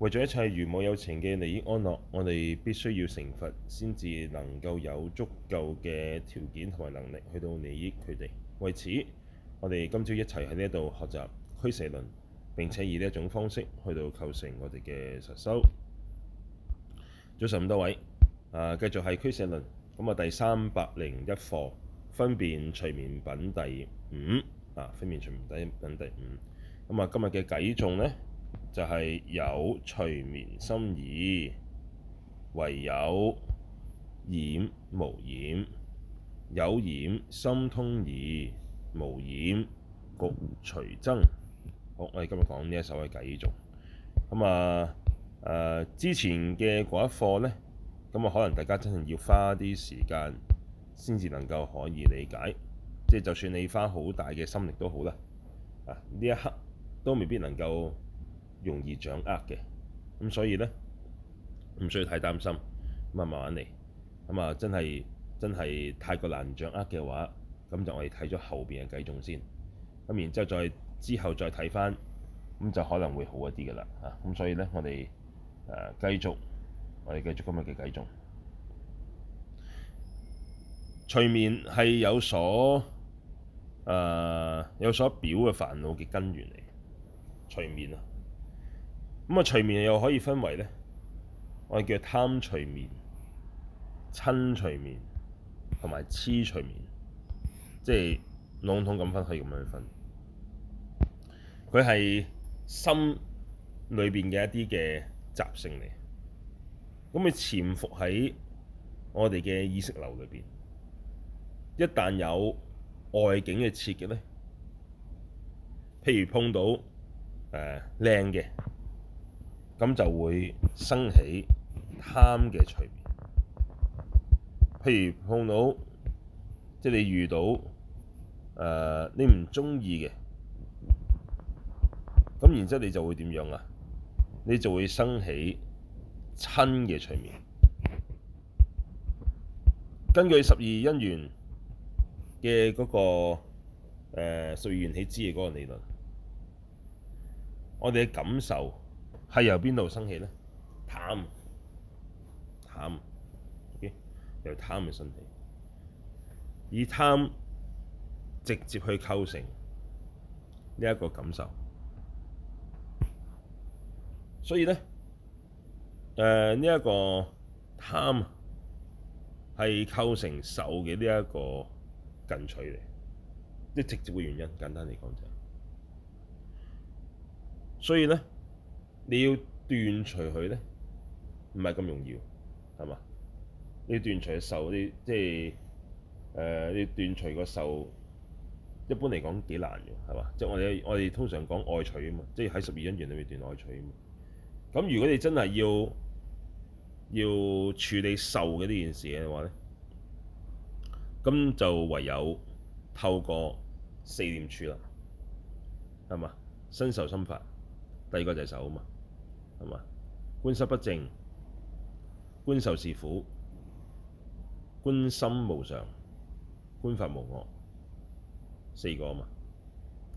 為咗一切如母有情嘅利益安樂，我哋必須要成佛，先至能夠有足夠嘅條件同埋能力去到利益佢哋。為此，我哋今朝一齊喺呢度學習俱舍論，並且以呢一種方式去到構成我哋嘅實修。早晨咁多位，啊，繼續係俱舍論，咁啊，第三百零一課分別隨眠品，品第五，啊，分別隨眠品品第五。咁啊，今日嘅偈頌呢。就係、是、有隨眠心二，謂有染無染；有染心通二，無染局隨增。好，我哋今日講呢一首嘅繼續。咁啊，誒、啊啊、之前嘅嗰一課呢，咁啊可能大家真係要花啲時間先至能夠可以理解。即係就算你花好大嘅心力都好啦，啊呢一刻都未必能夠容易掌握嘅，咁所以呢，唔需要太擔心，咁啊慢慢嚟，咁啊真係真係太過難掌握嘅話，咁就我哋睇咗後邊嘅計中先，咁然之後再之後再睇翻，咁就可能會好一啲嘅啦嚇。咁所以呢，我哋誒、呃、繼續，我哋繼續今日嘅計中。隨眠係有所誒、呃、有所表嘅煩惱嘅根源嚟，隨眠啊。咁啊，隨眠又可以分為呢，我哋叫做貪隨眠、瞋隨眠同埋痴隨眠，即係籠統咁分，可以咁樣去分。佢係心裏邊嘅一啲嘅習性嚟，咁佢潛伏喺我哋嘅意識流裏邊。一旦有外境嘅刺激呢，譬如碰到誒靚嘅。呃咁就會生起貪嘅隨眠，譬如碰到即係你遇到誒、呃、你唔中意嘅，咁然之後你就會點樣啊？你就會生起瞋嘅隨眠。根據十二因緣嘅嗰、那個誒十二緣起之嘅嗰個理論，我哋嘅感受。係由邊度生起咧？貪貪，OK？由貪咪生起，以貪直接去構成呢一個感受。所以咧，誒呢一個貪係構成受嘅呢一個近取嚟，即係直接嘅原因。簡單嚟講就，所以咧。你要斷除佢咧，唔係咁容易，係嘛？你要斷除受，你即係誒，你要斷除個受，一般嚟講幾難嘅，係嘛？即係我哋我哋通常講愛取啊嘛，即係喺十二因緣裏面斷愛取啊嘛。咁如果你真係要要處理受嘅呢件事嘅話咧，咁就唯有透過四念處啦，係嘛？身受心法，第二個就係受啊嘛。係嘛？觀身不淨，觀受是苦，觀心無常，觀法無我，四個嘛，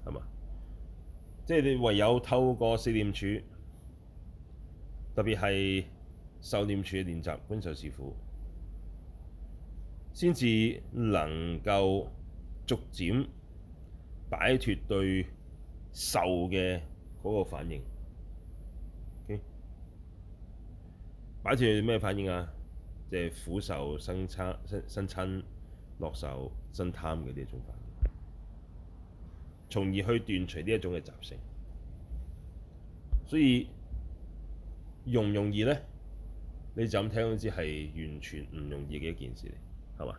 係嘛？即係你唯有透過四念處，特別係受念處嘅練習，觀受是苦，先至能夠逐漸擺脫對受嘅嗰個反應。擺住咩反應啊？即、就、係、是、苦受、生瞋、生生瞋、樂受生貪嘅呢一種反應，從而去斷除呢一種嘅習性。所以容唔容易咧？你就咁聽好似係完全唔容易嘅一件事嚟，係嘛？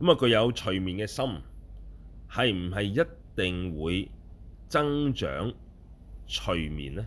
咁啊，具有隨眠嘅心，係唔係一定會增長隨眠咧？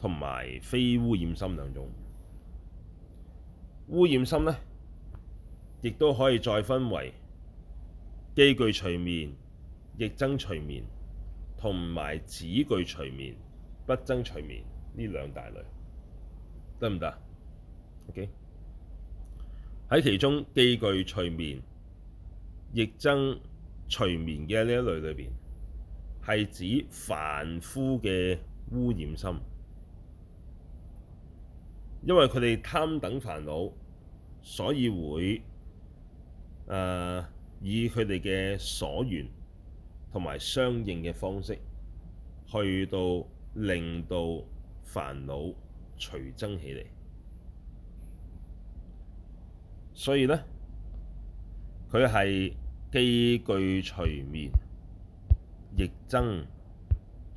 同埋非污染心兩種。污染心呢，亦都可以再分為既具隨眠、亦增隨眠同埋只具隨眠、不增隨眠呢兩大類，得唔得？OK 喺其中既具隨眠、亦增隨眠嘅呢一類裏邊，係指凡夫嘅污染心。因為佢哋貪等煩惱，所以會誒、呃、以佢哋嘅所緣同埋相應嘅方式，去到令到煩惱隨增起嚟。所以咧，佢係既具隨眠，亦增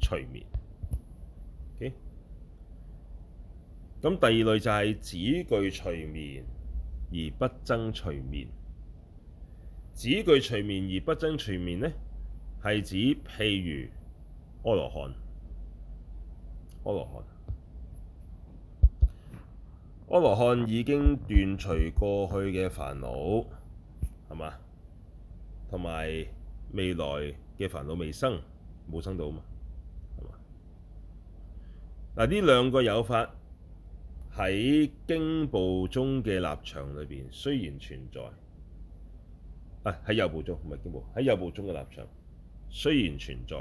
隨眠。咁第二類就係只具隨眠而不增隨眠。只具隨眠而不增隨眠呢，係指譬如阿羅漢。阿羅漢，阿羅漢已經斷除過去嘅煩惱，係嘛？同埋未來嘅煩惱未生，冇生到嘛？係嘛？嗱，呢兩個有法。喺經部中嘅立場裏邊，雖然存在，啊，喺有部中，唔係經部，喺有部中嘅立場，雖然存在，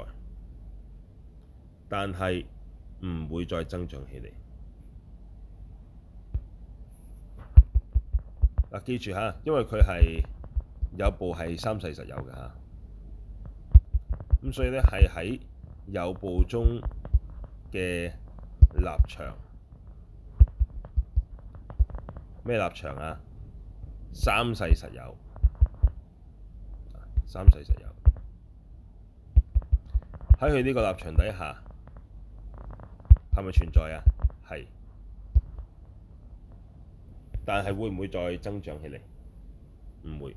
但係唔會再增長起嚟。嗱，記住嚇，因為佢係有部係三世實有嘅嚇，咁所以咧，係喺有部中嘅立場。咩立場啊？三世實有，三世實有喺佢呢個立場底下，係咪存在啊？係，但係會唔會再增長起嚟？唔會，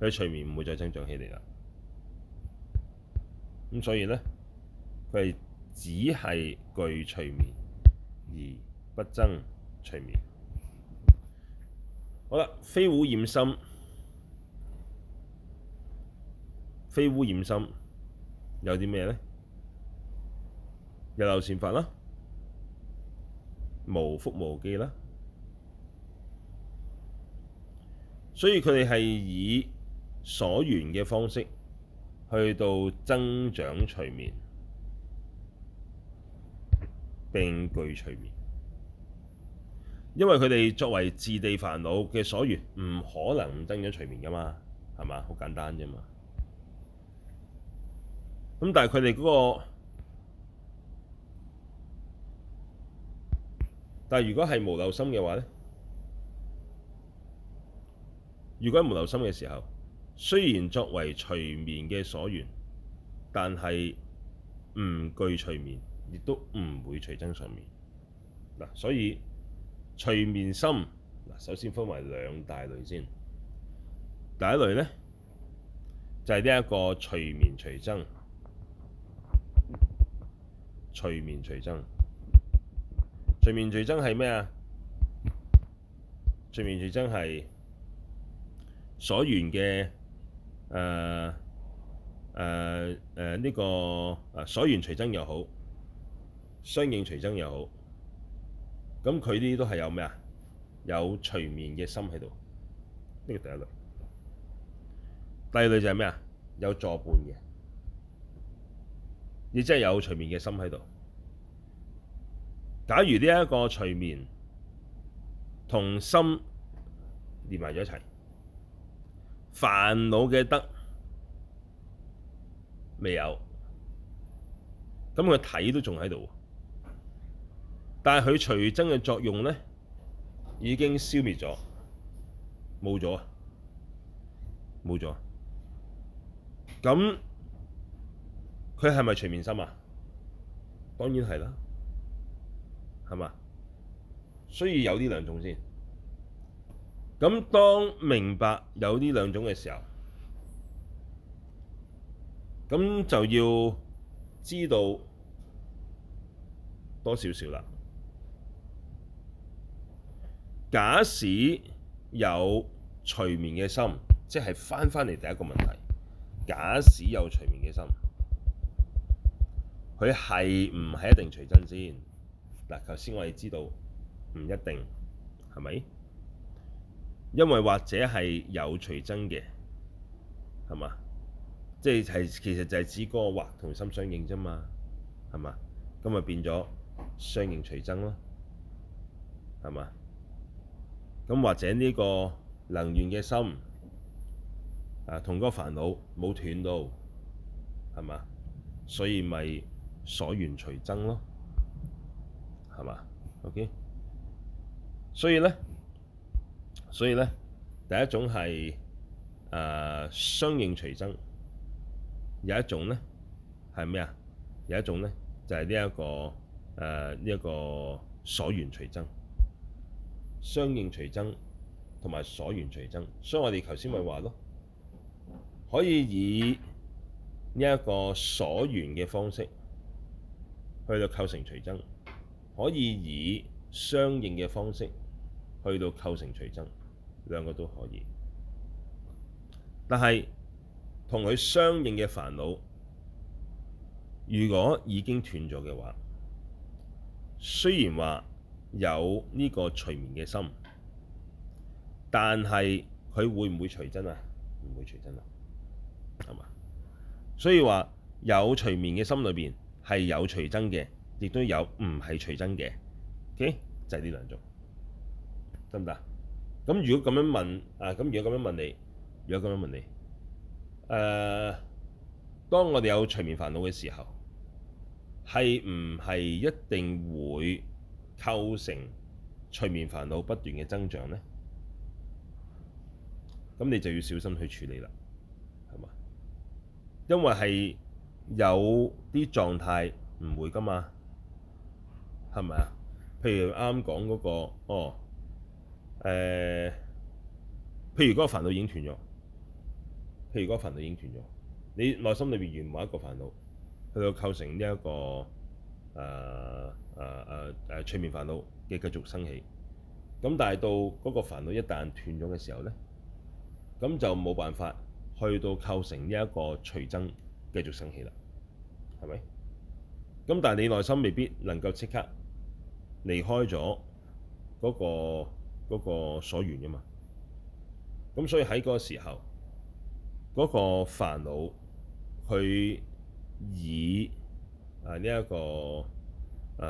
佢隨眠唔會再增長起嚟啦。咁所以呢，佢只係具隨眠而不增隨眠。好啦，非污染心，非污染心有啲咩咧？有漏善法啦，無覆無記啦，所以佢哋係以所緣嘅方式去到增長隨眠，並具隨眠。因為佢哋作為自地煩惱嘅所緣，唔可能唔增長隨眠噶嘛，係嘛？好簡單啫嘛。咁但係佢哋嗰個，但係如果係無漏心嘅話咧，如果無漏心嘅時候，雖然作為隨眠嘅所緣，但係唔具隨眠，亦都唔會隨增隨眠。嗱，所以。隨眠心嗱，首先分為兩大類先。第一類咧，就係呢一個隨眠隨增，隨眠隨增，隨眠隨增係咩啊？隨眠隨增係所緣嘅，誒誒誒，呢、呃呃呢個所緣隨增又好，相應隨增又好。咁佢啲都係有咩啊？有隨眠嘅心喺度，呢個第一類。第二類就係咩啊？有助伴嘅，亦即係有隨眠嘅心喺度。假如呢一個隨眠同心連埋咗一齊，煩惱嘅得未有，咁佢體都仲喺度。但係佢隨增嘅作用咧，已經消滅咗，冇咗冇咗。咁佢係咪隨眠心啊？當然係啦、啊，係嘛？所以有呢兩種先。咁當明白有呢兩種嘅時候，咁就要知道多少少啦。假使有隨眠嘅心，即係翻返嚟第一個問題。假使有隨眠嘅心，佢係唔係一定隨增先？嗱，頭先我哋知道唔一定，係咪？因為或者係有隨增嘅，係嘛？即係其實就係指個惑同心相應啫嘛，係嘛？咁咪變咗相應隨增咯，係嘛？咁或者呢個能緣嘅心啊，同嗰個煩惱冇斷到，係嘛？所以咪所緣隨增咯，係嘛？OK。所以咧，所以咧，第一種係誒相應隨增，有一種咧係咩啊？有一種咧就係呢一個誒呢一個所緣隨增。相應隨增同埋所緣隨增，所以我哋頭先咪話咯，可以以呢一個所緣嘅方式去到構成隨增，可以以相應嘅方式去到構成隨增，兩個都可以。但係同佢相應嘅煩惱，如果已經斷咗嘅話，雖然話，有呢個隨眠嘅心，但係佢會唔會隨增啊？唔會隨增啊，係嘛？所以話有隨眠嘅心裏邊係有隨增嘅，亦都有唔係隨增嘅，OK？就係呢兩種，得唔得？咁如果咁樣問啊？咁如果咁樣問你，如果咁樣問你，誒、呃，當我哋有隨眠煩惱嘅時候，係唔係一定會，構成隨眠煩惱不斷嘅增長呢，咁你就要小心去處理啦，係嘛？因為係有啲狀態唔會噶嘛，係咪啊？譬如啱啱講嗰個，哦，呃、譬如嗰個煩惱已經斷咗，譬如嗰個煩惱已經斷咗，你內心裏面完無一個煩惱，去到構成呢、這、一個。誒誒誒誒，隨、啊、眠、啊啊啊、煩惱嘅繼續生起，咁但係到嗰個煩惱一旦斷咗嘅時候咧，咁就冇辦法去到構成呢一個隨增繼續生起啦，係咪？咁但係你內心未必能夠即刻離開咗嗰、嗰個嗰個所緣噶嘛，咁所以喺嗰個時候，嗰個煩惱佢以啊！呢一個誒誒，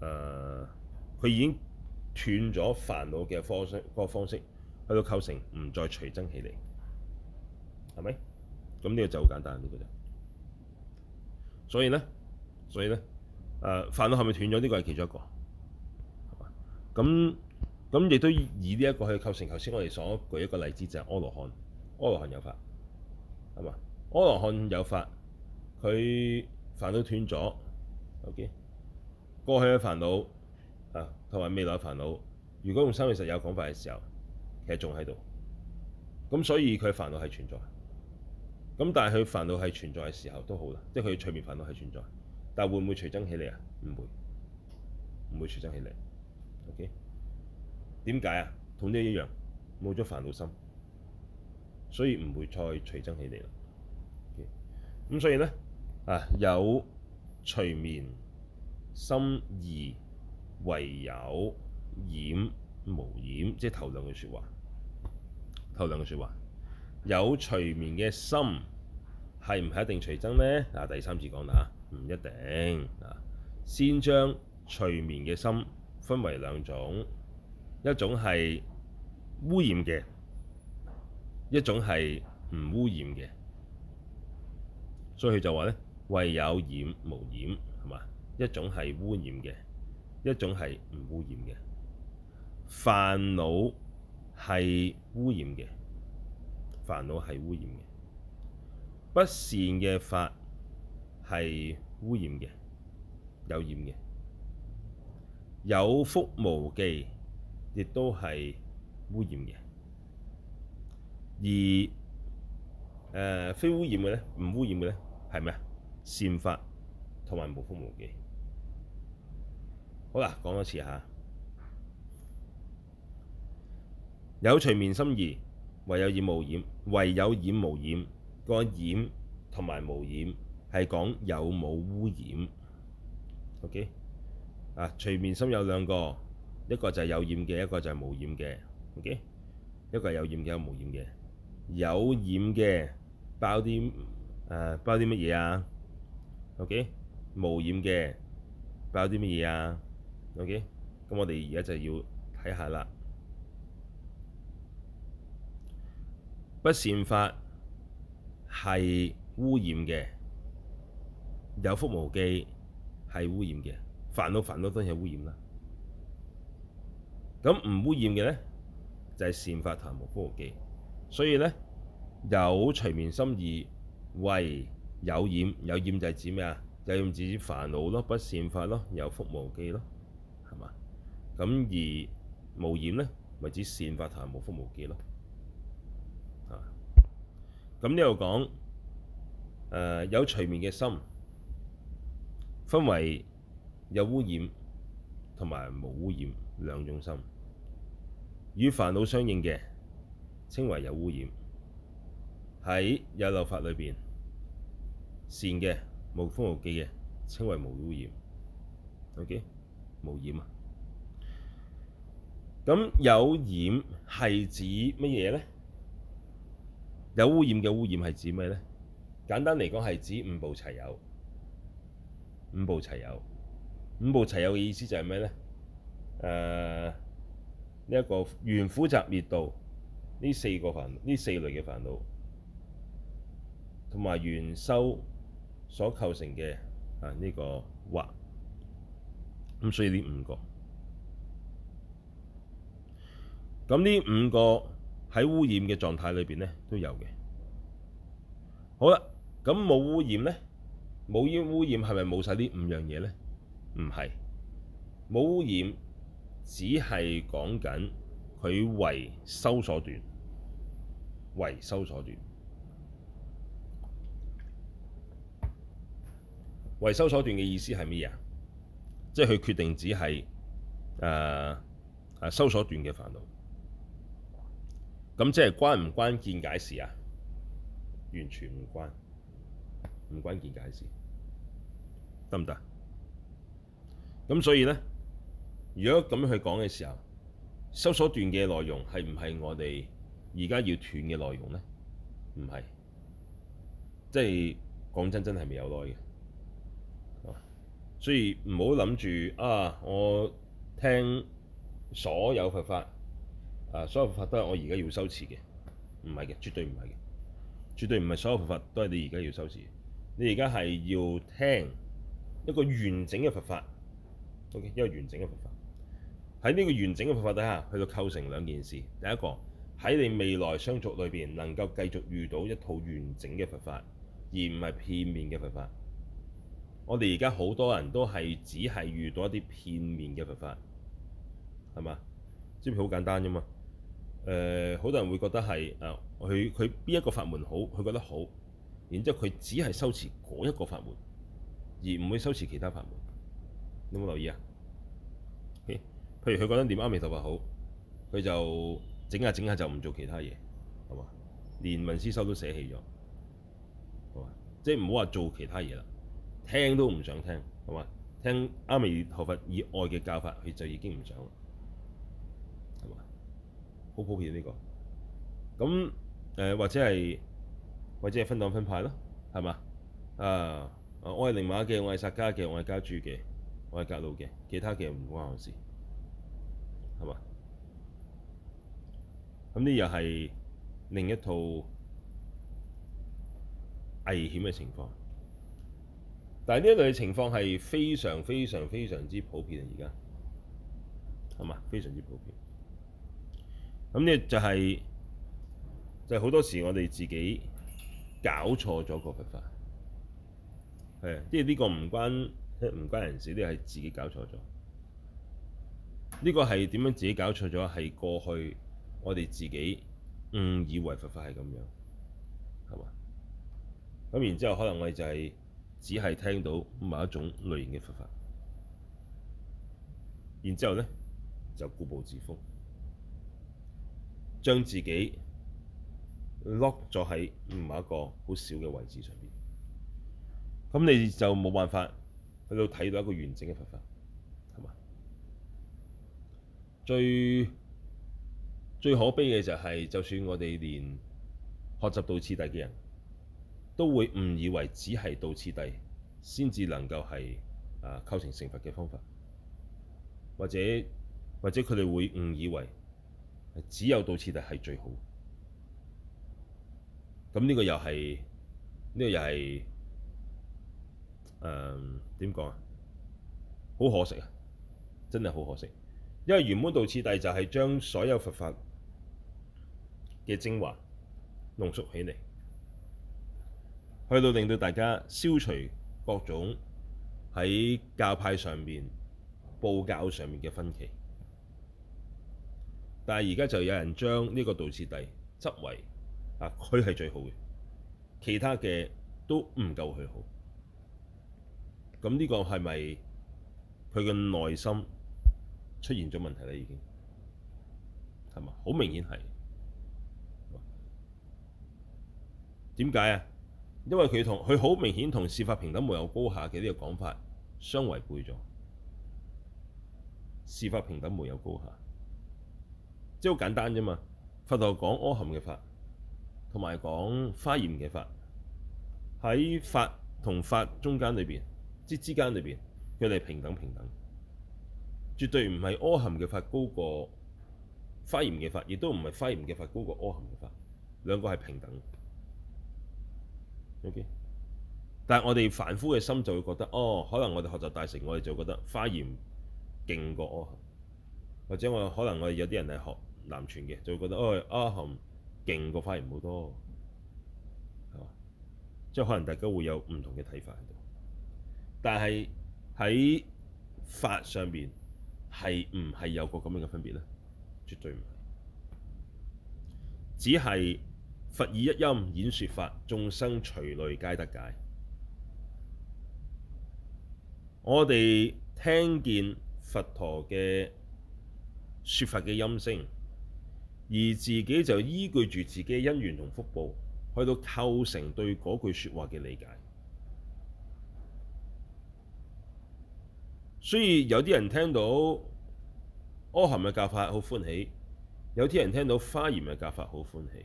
佢、啊、已經斷咗煩惱嘅方式嗰、那個方式，去到構成唔再隨增起嚟，係咪？咁呢個就好簡單，呢個就。所以咧，所以咧，誒煩惱係咪斷咗？呢、這個係其中一個。咁咁亦都以呢一個去構成頭先我哋所舉一個例子，就係、是、阿羅漢，阿羅漢有法，係嘛？阿羅漢有法。佢煩惱斷咗。OK，過去嘅煩惱啊，同埋未來嘅未來煩惱，如果用三世實有講法嘅時候，其實仲喺度。咁所以佢煩惱係存在。咁但係佢煩惱係存在嘅時候都好啦，即係佢隨眠煩惱係存在，但係會唔會隨增起嚟啊？唔會，唔會隨增起嚟。OK，點解啊？同你一樣冇咗煩惱心，所以唔會再隨增起嚟啦。OK，咁所以咧。啊！有隨眠心二，謂有染無染，即係頭兩句説話。頭兩句説話，有隨眠嘅心係唔係一定隨增呢？嗱，第三次講啦，唔一定。先將隨眠嘅心分為兩種，一種係污染嘅，一種係唔污染嘅。所以佢就話咧。謂有染無染係嘛？一種係污染嘅，一種係唔污染嘅。煩惱係污染嘅，煩惱係污染嘅。不善嘅法係污染嘅，有染嘅。有覆無記亦都係污染嘅。而誒非污染嘅咧，唔污染嘅咧，係咩啊？善法同埋無覆無記。好啦，講多次嚇。有隨眠心二，謂有染無染，謂有染無染。個染同埋無染係講有冇污染。OK，啊，隨眠心有兩個，一個就係有染嘅，一個就係無染嘅。OK，一個係有染嘅，有無染嘅。有染嘅包啲誒包啲乜嘢啊？OK，無染嘅，包啲乜嘢啊？OK，咁我哋而家就要睇下啦。不善法係污染嘅，有覆無記係污染嘅，煩都煩惱都係污染啦。咁唔污染嘅咧，就係、是、善法同埋無覆無記。所以咧，有隨眠心二，謂。有染，有染就係指咩啊？有染指煩惱咯，不善法咯，有覆無記咯，係嘛？咁而無染咧，咪指善法同埋無覆無記咯。啊，咁呢度講誒有隨眠嘅心，分為有污染同埋無污染兩種心，與煩惱相應嘅稱為有污染。喺有漏法裏邊，善嘅無覆無記嘅稱為無污染，OK 無染啊。咁有染係指乜嘢呢？有污染嘅污染係指咩呢？簡單嚟講係指五部齊有，五部齊有，五部齊有嘅意思就係咩呢？誒呢一個緣苦集滅道呢四個煩呢四類嘅煩惱，同埋緣修。所構成嘅啊呢個畫，咁所以呢五個，咁呢五個喺污染嘅狀態裏邊呢都有嘅。好啦，咁冇污染呢？冇依污染係咪冇晒呢五樣嘢呢？唔係，冇污染只係講緊佢唯修所斷，唯修所斷。唯修所斷嘅意思係乜嘢啊？即係佢決定只係誒誒修所斷嘅煩惱。咁即係關唔關見解事啊？完全唔關，唔關見解事得唔得？咁所以咧，如果咁樣去講嘅時候，修所斷嘅內容係唔係我哋而家要斷嘅內容咧？唔係，即係講真真係未有耐嘅。所以唔好諗住啊！我聽所有佛法啊，所有佛法都係我而家要修持嘅，唔係嘅，絕對唔係嘅，絕對唔係所有佛法都係你而家要修持。你而家係要聽一個完整嘅佛法，OK，一個完整嘅佛法。喺呢個完整嘅佛法底下，去到構成兩件事。第一個，喺你未來相續裏邊，能夠繼續遇到一套完整嘅佛法，而唔係片面嘅佛法。我哋而家好多人都係只係遇到一啲片面嘅佛法，係嘛？知唔知好簡單啫嘛？誒、呃，好多人會覺得係啊，佢佢邊一個法門好，佢覺得好，然之後佢只係修持嗰一個法門，而唔會修持其他法門。你有冇留意啊？譬如佢覺得點阿彌陀佛好，佢就整下整下就唔做其他嘢，係嘛？連聞思修都捨棄咗，係嘛？即係唔好話做其他嘢啦。聽都唔想聽，係嘛？聽阿彌陀佛以外嘅教法，佢就已經唔想啦，係嘛？好普遍呢個。咁誒、呃，或者係或者係分黨分派咯，係嘛？啊啊，我係寧瑪嘅，我係薩迦嘅，我係噶舉嘅，我係格魯嘅，其他嘅唔關我事，係嘛？咁呢又係另一套危險嘅情況。但係呢一類情況係非常非常非常之普遍，而家，係嘛？非常之普遍那，就是。咁呢就係就係好多時我哋自己搞錯咗個佛法，係即係呢個唔關唔關人事，呢、這、係、個、自己搞錯咗。呢、這個係點樣自己搞錯咗？係過去我哋自己誤以為佛法係咁樣，係嘛？咁然之後可能我哋就係、是。只係聽到某一種類型嘅佛法，然之後呢，就固步自封，將自己 lock 咗喺某一個好小嘅位置上邊，咁你就冇辦法去到睇到一個完整嘅佛法，係嘛？最最可悲嘅就係，就算我哋連學習到次第嘅人。都會誤以為只係道次第先至能夠係啊構成成佛嘅方法，或者或者佢哋會誤以為只有道次第係最好的。咁、嗯、呢、呢個又係呢、呢個又係誒點講啊？好可惜啊！真係好可惜，因為原本道次第就係將所有佛法嘅精華濃縮起嚟。去到令到大家消除各種喺教派上面、佈教上面嘅分歧，但係而家就有人將呢個道次第執為啊佢係最好嘅，其他嘅都唔夠佢好。咁呢個係咪佢嘅內心出現咗問題咧？已經係嘛，好明顯係，點解啊？因為佢同佢好明顯同是法平等沒有高下嘅呢個講法相違背咗。是法平等沒有高下，即係好簡單啫嘛。佛就講阿含嘅法，同埋講華嚴嘅法，喺法同法中間裏邊，即之間裏邊，佢哋平等平等，絕對唔係阿含嘅法高過華嚴嘅法，亦都唔係華嚴嘅法高過阿含嘅法，兩個係平等。O.K. 但係我哋凡夫嘅心就會覺得，哦，可能我哋學習大乘，我哋就會覺得華嚴勁過阿含，或者我可能我哋有啲人係學南傳嘅，就會覺得、哎、哦阿含勁過華嚴好多，即、哦、係可能大家會有唔同嘅睇法，但係喺法上面，係唔係有個咁樣嘅分別呢？絕對唔係，只係。佛以一音演說法，眾生隨類皆得解。我哋聽見佛陀嘅説法嘅音聲，而自己就依據住自己嘅因緣同福報，去到構成對嗰句説話嘅理解。所以有啲人聽到阿含嘅教法好歡喜，有啲人聽到華嚴嘅教法好歡喜。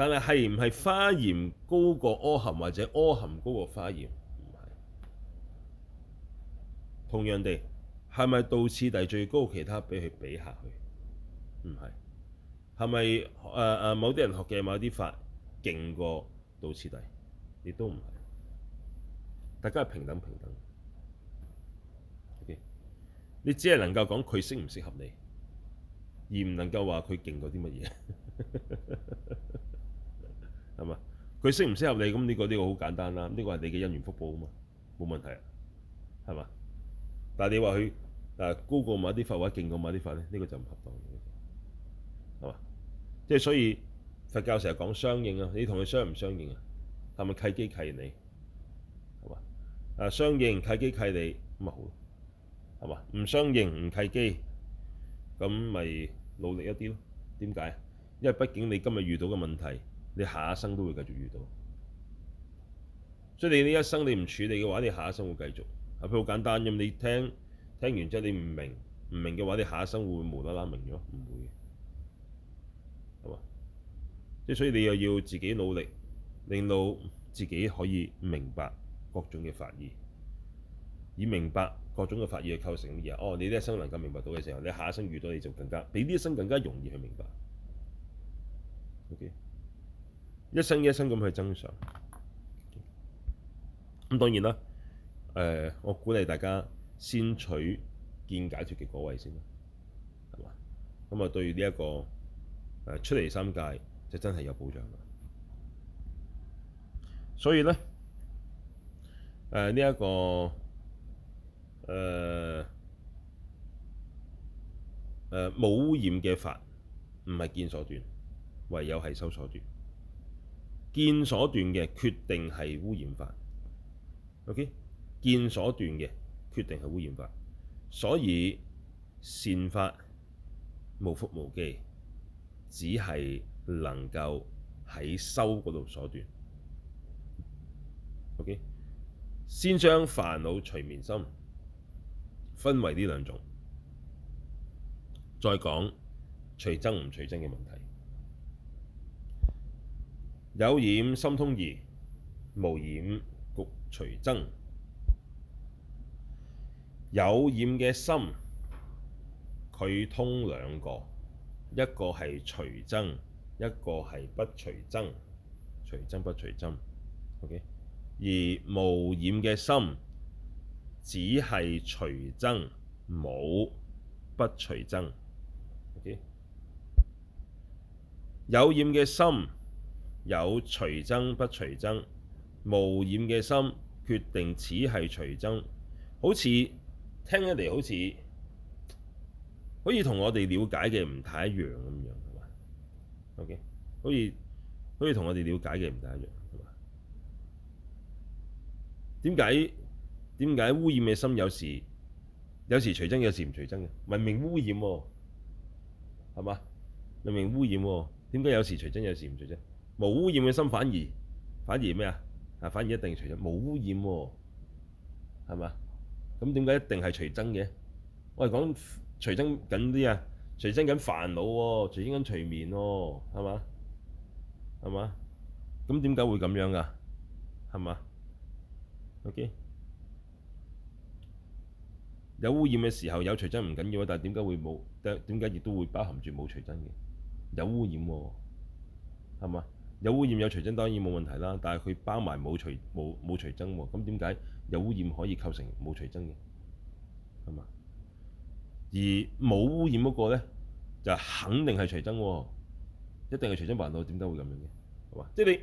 但係係唔係華嚴高過阿含，或者阿含高過華嚴？唔係。同樣地，係咪道次第最高？其他俾佢比下去，唔係。係咪誒誒某啲人學嘅某啲法勁過道次第？亦都唔係。大家係平等平等。Okay. 你只係能夠講佢適唔適合你，而唔能夠話佢勁過啲乜嘢。 係嘛？佢適唔適合你咁？呢個呢個好簡單啦。呢個係你嘅因緣福報啊嘛，冇問題啊，係嘛？但係你話佢誒高過某啲法或者，勁過某啲法咧，呢個就唔合當嘅，係嘛？即係所以佛教成日講相應啊，你同佢相唔相應啊？係咪契機契理係嘛？誒相應契機契理咁咪好係嘛？唔相應唔契機咁咪努力一啲咯？點解？因為畢竟你今日遇到嘅問題。你下一生都會繼續遇到，所以你呢一生你唔處理嘅話，你下一生會繼續。啊，譬如好簡單啫嘛，你聽聽完之後，你不，你唔明唔明嘅話，你下一生會無啦啦明咗，唔會嘅，係嘛？即係所以你又要自己努力，令到自己可以明白各種嘅法義，以明白各種嘅法義去構成而，哦，你呢一生能夠明白到嘅時候，你下一生遇到你就更加比呢一生更加容易去明白。OK。一生一生咁去增上咁，當然啦。誒、呃，我鼓勵大家先取見解脫嘅果位先啦，係嘛？咁啊、這個，對呢一個誒出離三界就真係有保障啦。所以咧，誒呢一個誒誒冇污染嘅法，唔係見所斷，唯有係修所斷。見所斷嘅決定係污染法，OK？見所斷嘅決定係污染法，所以善法無覆無記，只係能夠喺修嗰度所斷，OK？先將煩惱隨眠心分為呢兩種，再講隨增唔隨增嘅問題。有染心通二，無染局隨增。有染嘅心，佢通兩個，一個係隨增，一個係不隨增，隨增不隨增。Okay，而無染嘅心，只係隨增，冇不隨增。Okay，有染嘅心。有隨增、不隨增，無染嘅心，決定此係隨增。好似聽起嚟，好似可以同我哋了解嘅唔太一樣咁樣，係嘛？O K，好似，好似同我哋了解嘅唔太一樣，係嘛？點解，點解污染嘅心有時，有時隨增，有時唔隨增嘅？文明污染喎，係嘛？文明污染喎，點解有時隨增，有時唔隨增？冇污染嘅心，反而反而咩啊？啊，反而一定隨增，冇污染喎，係嘛？咁點解一定係隨增嘅？我係講隨增緊啲啊，隨增緊煩惱喎，隨增緊隨眠喎，係嘛？係嘛？咁點解會咁樣㗎？係嘛？OK，有污染嘅時候有隨增唔緊要啊，但係點解會冇？點點解亦都會包含住冇隨增嘅？有污染喎，係嘛？有污染有隨增當然冇問題啦，但係佢包埋冇隨冇冇隨增，咁點解有污染可以構成冇隨增嘅？係嘛？而冇污染嗰個咧就肯定係隨增喎，一定係隨增辦到，點解會咁樣嘅？係嘛？即係你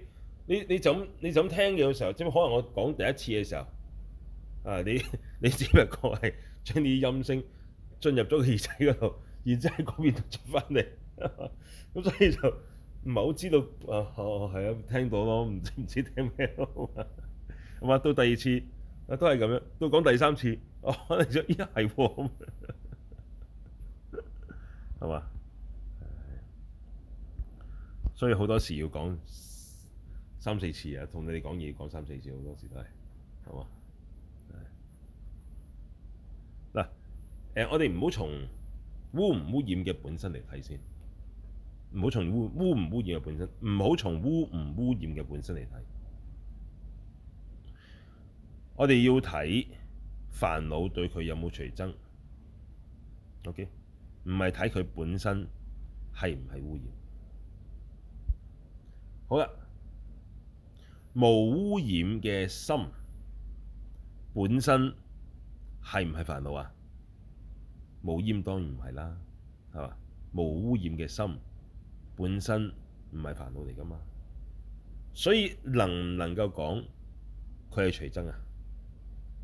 你你咁你咁聽嘅時候，即係可能我講第一次嘅時候，啊你你只不過係將啲音聲進入咗個耳仔嗰度，然之後嗰邊出翻嚟，咁 所以就。唔係好知道啊！哦，係啊，聽到咯，唔知唔知聽咩咯，咁啊，到第二次啊，都係咁樣，到講第三次，可能就依家係喎，係嘛？所以好多時要講三四次啊，同你哋講嘢講三四次，好多時都係，係嘛？嗱，誒，我哋唔好從污唔污染嘅本身嚟睇先。唔好從污污唔污染嘅本身，唔好從污唔污染嘅本身嚟睇。我哋要睇煩惱對佢有冇隨增，OK？唔係睇佢本身係唔係污染好。好啦，冇污染嘅心本身係唔係煩惱啊？無染當然唔係啦，係嘛？冇污染嘅心。本身唔係煩惱嚟㗎嘛，所以能唔能夠講佢係隨增啊？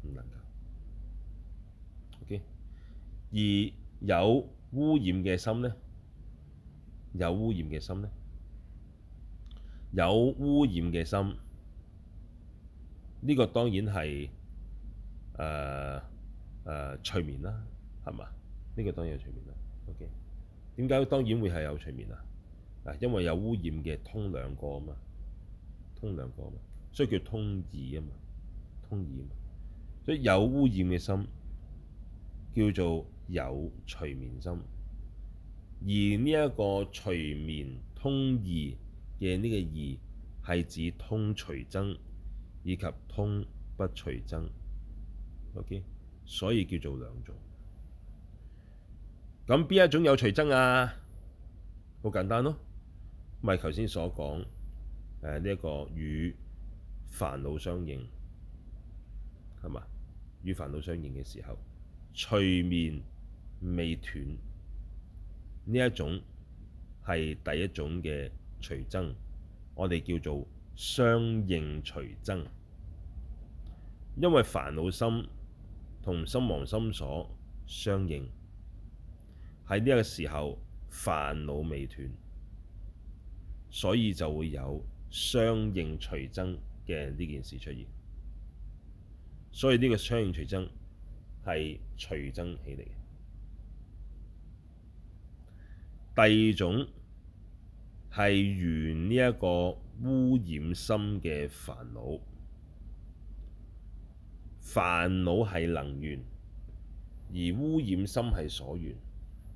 唔能夠。O.K. 而有污染嘅心呢？有污染嘅心呢？有污染嘅心呢、這個當然係誒誒隨眠啦，係嘛？呢、這個當然係隨眠啦。O.K. 點解當然會係有隨眠啊？因為有污染嘅通兩個啊嘛，通兩個啊嘛，所以叫通二啊嘛，通二啊嘛，所以有污染嘅心叫做有隨眠心，而呢一個隨眠通二嘅呢個二係指通隨增以及通不隨增，OK，所以叫做兩種。咁邊一種有隨增啊？好簡單咯～咪頭先所講誒呢一個與煩惱相應係嘛？與煩惱相應嘅時候，隨眠未斷，呢一種係第一種嘅隨增，我哋叫做相應隨增，因為煩惱心同心王心所相應喺呢一個時候，煩惱未斷。所以就會有相應隨增嘅呢件事出現，所以呢個相應隨增係隨增起嚟嘅。第二種係緣呢一個污染心嘅煩惱，煩惱係能緣，而污染心係所緣。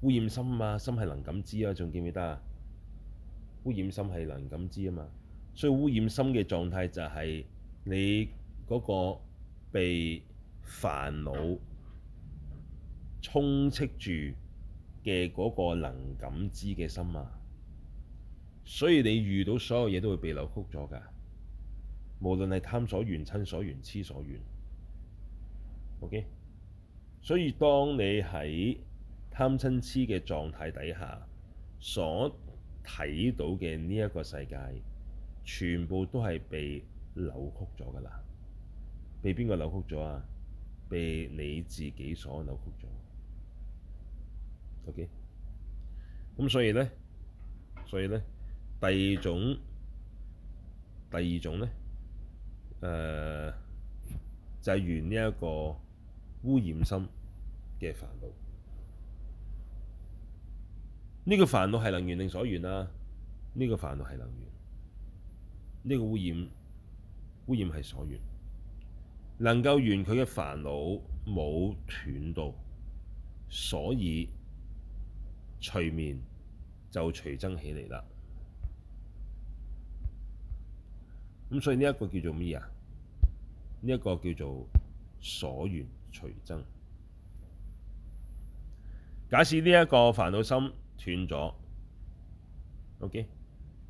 污染心啊，心係能感知啊，仲記唔記得啊？污染心係能感知啊嘛，所以污染心嘅狀態就係你嗰個被煩惱充斥住嘅嗰個能感知嘅心啊，所以你遇到所有嘢都會被扭曲咗㗎，無論係貪所緣、瞋所緣、癡所緣。OK，所以當你喺貪瞋癡嘅狀態底下，所睇到嘅呢一個世界，全部都係被扭曲咗㗎啦！被邊個扭曲咗啊？被你自己所扭曲咗。OK，咁所以咧，所以咧，第二種，第二種咧、呃，就係、是、緣呢一個污染心嘅煩惱。呢個煩惱係能緣定所緣啦？呢個煩惱係能緣，呢個污染污染係所緣。能夠緣佢嘅煩惱冇斷到，所以隨眠就隨增起嚟啦。咁所以呢一個叫做咩啊？呢一個叫做所緣隨增。假使呢一個煩惱心斷咗，OK？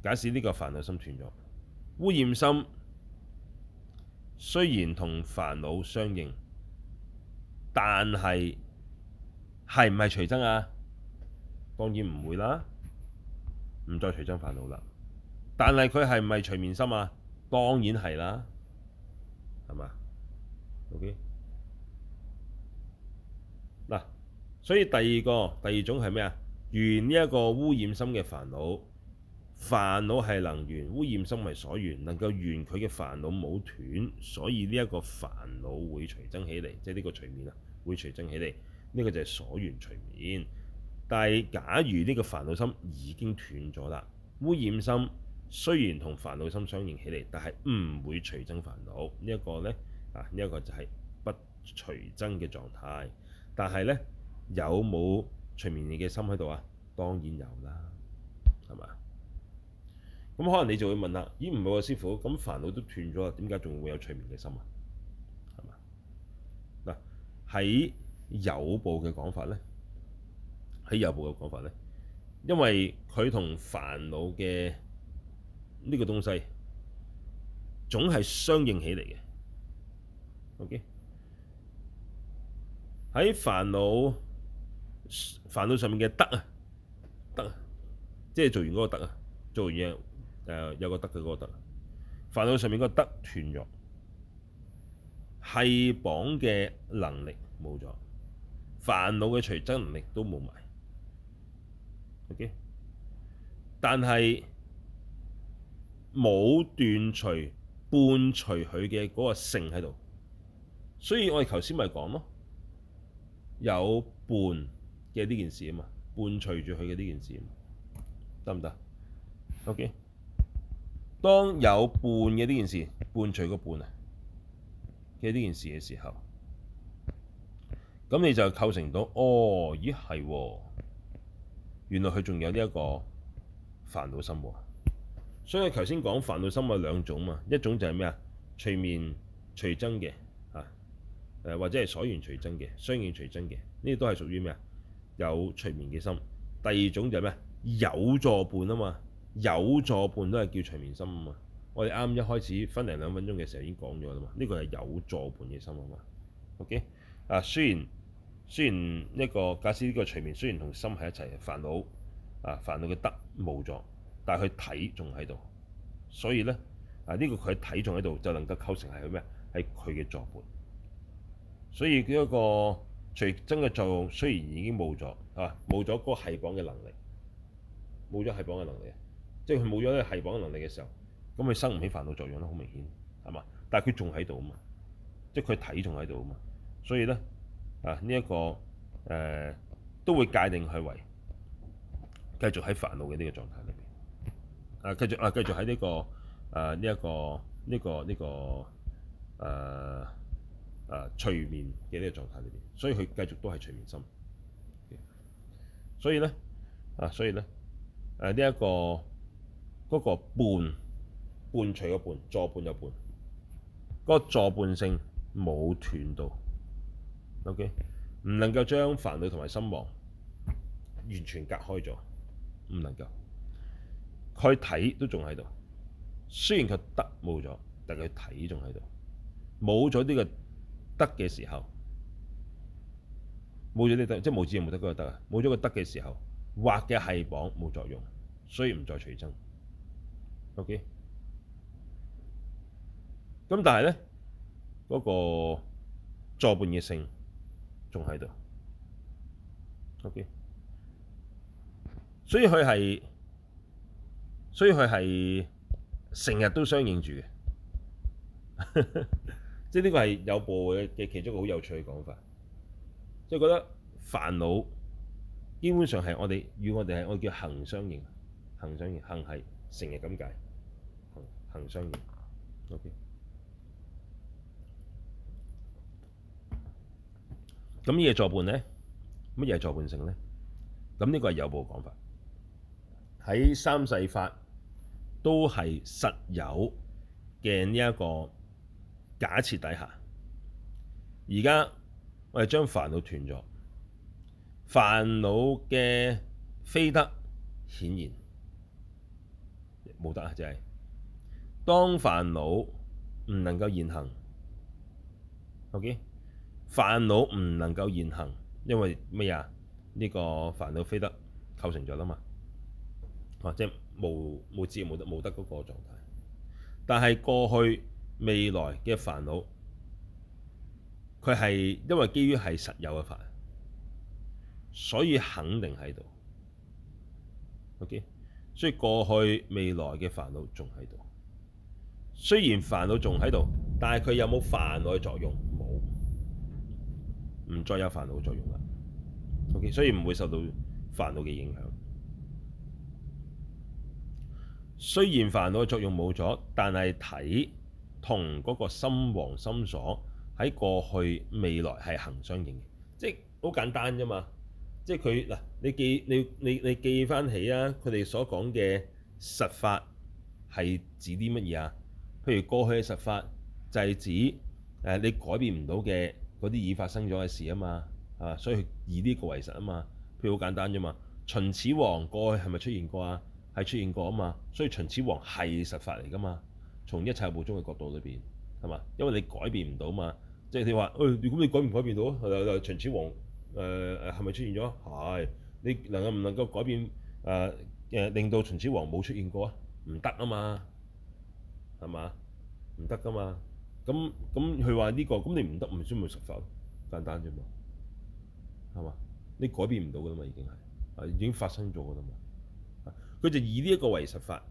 假使呢個煩惱心斷咗，污染心雖然同煩惱相應，但係係唔係隨增啊？當然唔會啦，唔再隨增煩惱啦。但係佢係唔係隨眠心啊？當然係啦，係嘛？OK？嗱，所以第二個，第二種係咩啊？緣呢一個污染心嘅煩惱，煩惱係能緣，污染心為所緣，能夠緣佢嘅煩惱冇斷，所以呢一個煩惱會隨增起嚟，即係呢個隨眠啊，會隨增起嚟，呢、這個就係所緣隨眠。但係假如呢個煩惱心已經斷咗啦，污染心雖然同煩惱心相應起嚟，但係唔會隨增煩惱。呢、這、一個呢，啊，呢、這、一個就係不隨增嘅狀態。但係呢，有冇？隨眠你嘅心喺度啊，當然有啦，係嘛？咁可能你就會問啦，咦，唔係喎，師傅，咁煩惱都斷咗啦，點解仲會有隨眠嘅心啊？係嘛？嗱，喺有部嘅講法咧，喺有部嘅講法咧，因為佢同煩惱嘅呢個東西總係相應起嚟嘅。OK，喺煩惱。煩惱上面嘅得啊，得，即係做完嗰個得啊，做完嘢誒有個得嘅嗰個得，煩惱上面嗰個得斷咗，繫縛嘅能力冇咗，煩惱嘅隨增能力都冇埋，ok，但係冇斷除伴隨佢嘅嗰個性喺度，所以我哋頭先咪講咯，有伴嘅呢件事啊嘛，伴隨住佢嘅呢件事得唔得？OK，當有伴嘅呢件事伴隨個伴啊嘅呢件事嘅時候，咁你就構成到哦，咦係喎、哦，原來佢仲有呢一個煩惱心喎。所以頭先講煩惱心有兩種嘛，一種就係咩啊，隨眠隨增嘅啊，誒或者係所緣隨增嘅、相應隨增嘅，呢啲都係屬於咩啊？有隨眠嘅心，第二種就係咩？有助伴啊嘛，有助伴都係叫隨眠心啊嘛。我哋啱一開始分零兩分鐘嘅時候已經講咗啦嘛。呢個係有助伴嘅心啊嘛。OK，啊雖然雖然呢個假使呢個隨眠雖然同心喺一齊，煩惱啊煩惱嘅得冇咗，但係佢體仲喺度，所以咧啊呢個佢體仲喺度，就能夠構成係咩？係佢嘅助伴。所以佢一個。隨眠嘅作用雖然已經冇咗啊，冇咗嗰個繫縛嘅能力，冇咗繫縛嘅能力，即係佢冇咗呢個繫縛嘅能力嘅時候，咁佢生唔起煩惱作用咯，好明顯係嘛？但係佢仲喺度啊嘛，即係佢體仲喺度啊嘛，所以咧啊呢一、這個誒、呃、都會界定佢為繼續喺煩惱嘅呢個狀態裏邊啊，繼續啊繼續喺呢、這個啊呢一個呢、這個呢、這個誒。呃啊！隨眠嘅呢個狀態裏邊，所以佢繼續都係隨眠心。Okay? 所以咧啊，所以咧誒呢一、啊這個嗰、那個伴伴隨嘅伴助伴一半，嗰、那個助伴性冇斷到。O.K.，唔能夠將煩惱同埋心王完全隔開咗，唔能夠佢體都仲喺度。雖然佢得冇咗，但佢體仲喺度，冇咗呢個。得嘅時候冇咗啲得，即係冇智又冇德嗰個得啊！冇咗個得嘅時候，惑嘅繫縛冇作用，所以唔再隨增。OK，咁但係咧嗰個助伴嘅性仲喺度。OK，所以佢係，所以佢係成日都相應住嘅。即係呢個係有部嘅嘅其中一個好有趣嘅講法，即係覺得煩惱基本上係我哋與我哋係我叫恆相應，恆相應恆係成日咁解，「恆恆相應。O.K. 咁呢係助伴咧？咩係助伴性咧？咁呢個係有部講法，喺三世法都係實有嘅呢一個。假設底下，而家我哋將煩惱斷咗，煩惱嘅非得顯然冇得啊！就係當煩惱唔能夠現行，OK？煩惱唔能夠現行，因為咩呀？呢個煩惱非得構成咗啦嘛，啊，即係冇冇知冇得冇得嗰個狀態，但係過去，未來嘅煩惱，佢係因為基於係實有嘅煩，所以肯定喺度。OK，所以過去未來嘅煩惱仲喺度。雖然煩惱仲喺度，但係佢有冇煩惱嘅作用？冇，唔再有煩惱作用啦。OK，所以唔會受到煩惱嘅影響。雖然煩惱嘅作用冇咗，但係睇，同嗰個心王心所喺過去未來係恒相應嘅，即係好簡單啫嘛。即係佢嗱，你記你你你記翻起啊，佢哋所講嘅實法係指啲乜嘢啊？譬如過去嘅實法就係指誒你改變唔到嘅嗰啲已發生咗嘅事啊嘛，啊，所以以呢個為實啊嘛。譬如好簡單啫嘛，秦始皇過去係咪出現過啊？係出現過啊嘛，所以秦始皇係實法嚟㗎嘛。從一切武宗嘅角度裏邊係嘛？因為你改變唔到嘛，即係你話，誒、哎，如果你改唔改變到啊？又秦始皇誒誒係咪出現咗？係你能夠唔能夠改變誒誒、呃、令到秦始皇冇出現過啊？唔得啊嘛，係嘛？唔得噶嘛，咁咁佢話呢個咁你唔得，唔先咪實法，簡單啫嘛，係嘛？你改變唔到噶嘛，已經係啊，已經發生咗噶啦嘛，佢就以呢一個為實法，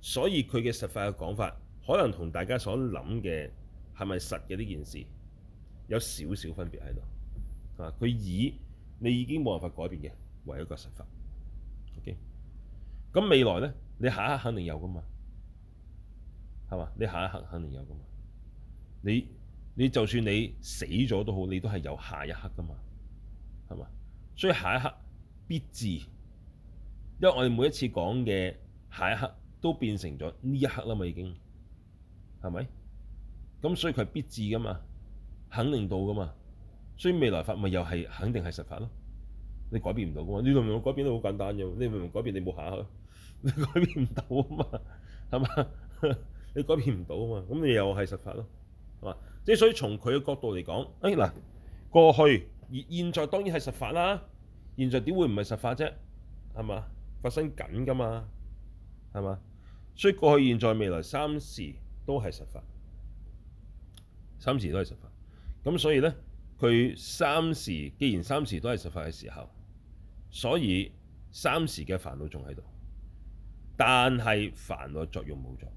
所以佢嘅實法嘅講法。可能同大家所諗嘅係咪實嘅呢件事有少少分別喺度啊？佢以你已經冇辦法改變嘅為一個實法。O.K. 咁未來呢，你下一刻肯定有噶嘛？係嘛？你下一刻肯定有噶嘛？你你就算你死咗都好，你都係有下一刻噶嘛？係嘛？所以下一刻必至，因為我哋每一次講嘅下一刻都變成咗呢一刻啦嘛，已經。係咪咁？所以佢係必至噶嘛，肯定到噶嘛。所以未來法咪又係肯定係實法咯。你改變唔到噶嘛？你明唔明我改變都好簡單啫，你明唔明改變你冇下咯，你改變唔到啊嘛，係嘛？你改變唔到啊嘛，咁你又係實法咯，係嘛？即係所以從佢嘅角度嚟講，哎嗱，過去而現在當然係實法啦。現在點會唔係實法啫？係嘛？發生緊噶嘛，係嘛？所以過去、現在、未來三時，都係實法，三時都係實法，咁所以呢，佢三時既然三時都係實法嘅時候，所以三時嘅煩惱仲喺度，但係煩惱嘅作用冇咗，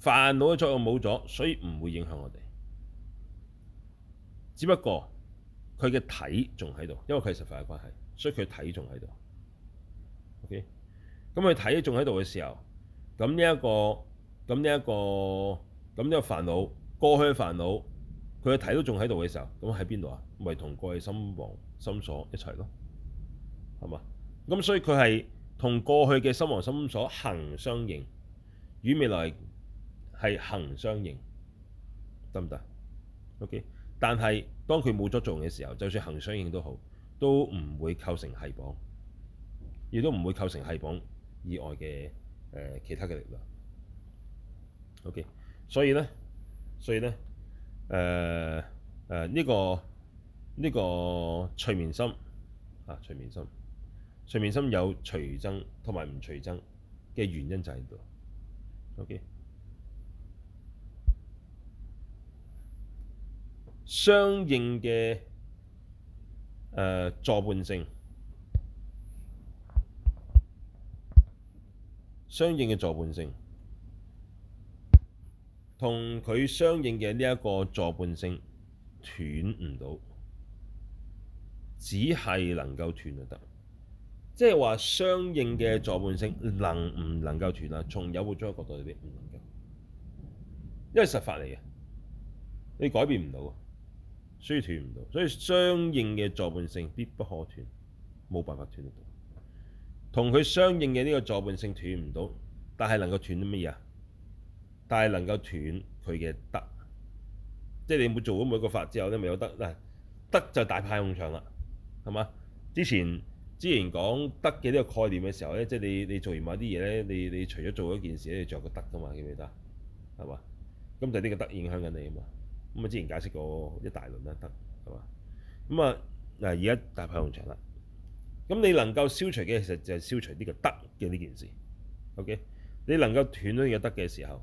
煩惱嘅作用冇咗，所以唔會影響我哋。只不過佢嘅體仲喺度，因為佢係實法嘅關係，所以佢體仲喺度。OK，咁佢體仲喺度嘅時候，咁呢一個。咁呢一個咁呢，這個煩惱過去嘅煩惱，佢嘅體都仲喺度嘅時候，咁喺邊度啊？咪同過去心王心所一齊咯，係嘛？咁所以佢係同過去嘅心王心所恒相應，與未來係恒相應，得唔得？OK，但係當佢冇咗作用嘅時候，就算恒相應都好，都唔會構成繫縛，亦都唔會構成繫縛以外嘅誒、呃、其他嘅力量。OK，所以呢，所以呢，誒誒呢個呢、這個隨眠心啊，隨眠心，隨眠心有隨增同埋唔隨增嘅原因就喺度。OK，相應嘅誒、呃、助伴性，相應嘅助伴性。同佢相應嘅呢一個助伴性斷唔到，只係能夠斷就得。即係話相應嘅助伴性能唔能夠斷啊？從有部宗嘅角度嚟講，唔能夠，因為實法嚟嘅，你改變唔到，所以斷唔到。所以相應嘅助伴性必不可斷，冇辦法斷得到。同佢相應嘅呢個助伴性斷唔到，但係能夠斷啲乜嘢啊？但係能夠斷佢嘅得，即係你冇做咗每一個法之後咧，咪有得嗱？得就大派用場啦，係嘛？之前之前講得嘅呢個概念嘅時候咧，即係你你做完某啲嘢咧，你你除咗做了一件事咧，你著個得㗎嘛？記唔記得？係嘛？咁就呢個得影響緊你啊嘛。咁啊，之前解釋過一大輪啦，得係嘛？咁啊嗱，而家大派用場啦。咁你能夠消除嘅其實就係消除呢個得嘅呢件事。O.K. 你能夠斷咗呢個得嘅時候。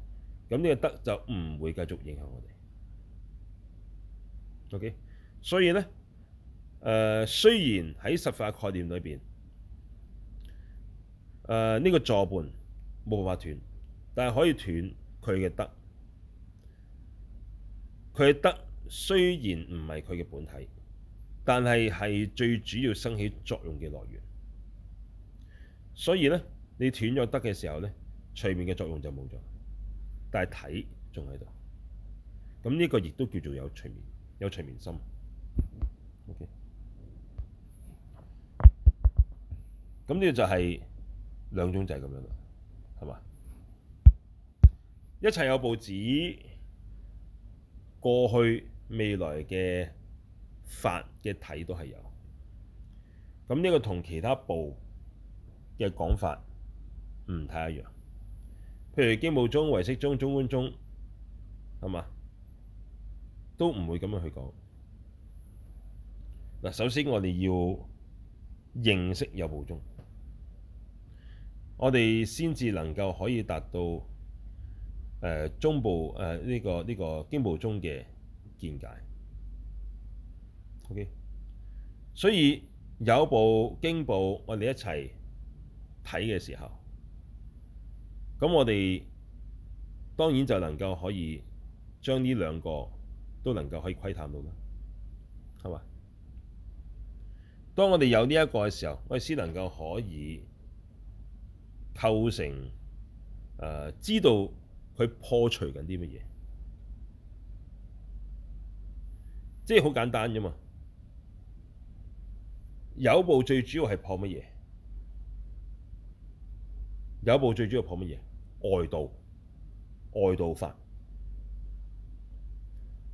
咁呢個得就唔會繼續影響我哋。OK，所以咧，誒、呃、雖然喺佛法概念裏邊，誒、呃、呢、這個助伴冇辦法斷，但係可以斷佢嘅得。佢嘅得雖然唔係佢嘅本體，但係係最主要生起作用嘅來源。所以咧，你斷咗得嘅時候咧，隨眠嘅作用就冇咗。但體仲喺度，咁呢個亦都叫做有隨眠，有隨眠心。OK，咁呢個就係兩種就係咁樣啦，係嘛？一切有部指，過去、未來嘅法嘅體都係有，咁呢個同其他部嘅講法唔太一樣。譬如經部宗、唯識宗、中觀宗，係嘛，都唔會咁樣去講。嗱，首先我哋要認識有部宗，我哋先至能夠可以達到誒、呃、中部誒呢、呃這個呢、這個經部宗嘅見解。OK，所以有部經部，我哋一齊睇嘅時候。咁我哋當然就能夠可以將呢兩個都能夠可以窺探到啦，係嘛？當我哋有呢一個嘅時候，我哋先能夠可以構成、呃、知道佢破除緊啲乜嘢，即係好簡單啫嘛。有部最主要係破乜嘢？有部最主要破乜嘢？外道，外道法，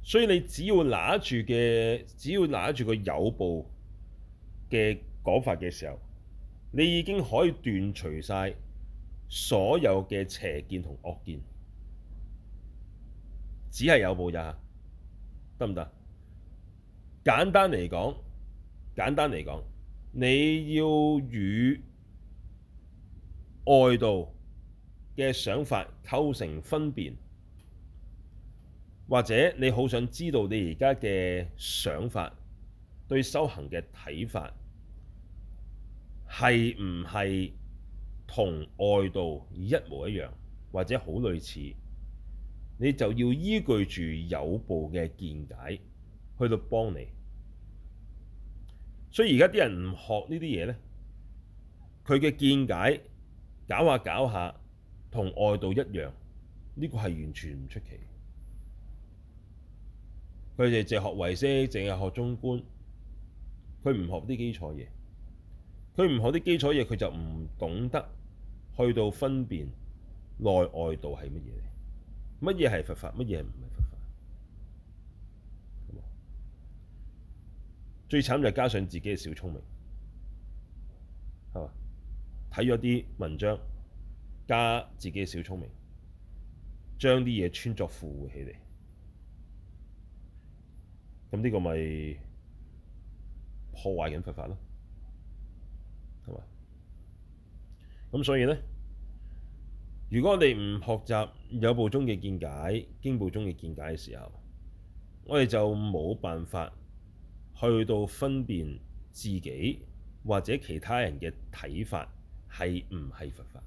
所以你只要拿住嘅，只要拿住個有部嘅講法嘅時候，你已經可以斷除晒所有嘅邪見同惡見，只係有部咋，得唔得？簡單嚟講，簡單嚟講，你要與愛道，嘅想法構成分辨，或者你好想知道你而家嘅想法對修行嘅睇法係唔係同外道一模一樣，或者好類似，你就要依據住有部嘅見解去到幫你。所以而家啲人唔學呢啲嘢呢，佢嘅見解搞下、啊、搞下、啊。同外道一樣，呢個係完全唔出奇。佢哋淨係學唯識，淨係學中觀，佢唔學啲基礎嘢，佢唔學啲基礎嘢，佢就唔懂得去到分辨內外道係乜嘢，乜嘢係佛法，乜嘢唔係佛法。最慘就係加上自己嘅小聰明，係嘛？睇咗啲文章。加自己嘅小聰明，將啲嘢穿鑿附會起嚟，咁呢個咪破壞緊佛法咯，係嘛？咁所以咧，如果我哋唔學習有部中嘅見解、經部中嘅見解嘅時候，我哋就冇辦法去到分辨自己或者其他人嘅睇法係唔係佛法，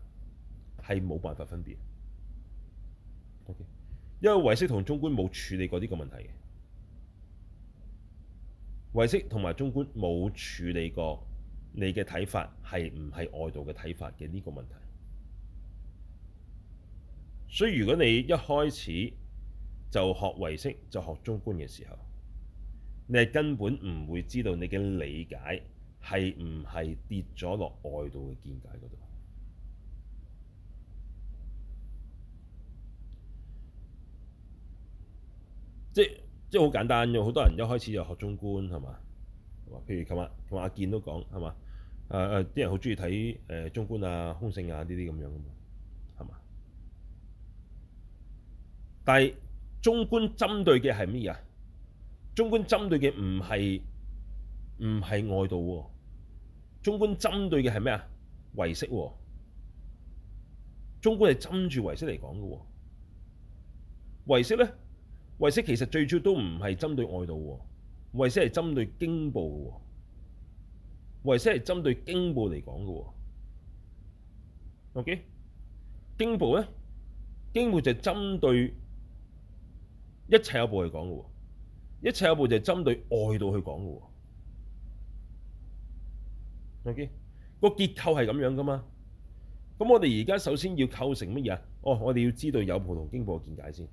係冇辦法分別，因為唯識同中觀冇處理過呢個問題嘅，唯識同埋中觀冇處理過你嘅睇法係唔係外道嘅睇法嘅呢個問題。所以如果你一開始就學唯識就學中觀嘅時候，你係根本唔會知道你嘅理解係唔係跌咗落外道嘅見解嗰度。即即好簡單嘅，好多人一開始就學中觀係嘛？譬如琴日同阿健都講係嘛？誒誒，啲、呃、人好中意睇誒中觀啊、空性啊呢啲咁樣嘅嘛，係嘛？但係中觀針對嘅係咩啊？中觀針對嘅唔係唔係外道喎，中觀針對嘅係咩啊？唯識喎，中觀係針住唯識嚟講嘅喎，唯識咧。唯識其實最初都唔係針對外道喎，唯識係針對經部嘅喎，唯識係針對經部嚟講嘅喎。OK，經部咧，經部就係針對一切有部嚟講嘅喎，一切有部就係針對外道去講嘅喎。OK，個結構係咁樣㗎嘛？咁我哋而家首先要構成乜嘢啊？哦，我哋要知道有部同經部嘅見解先。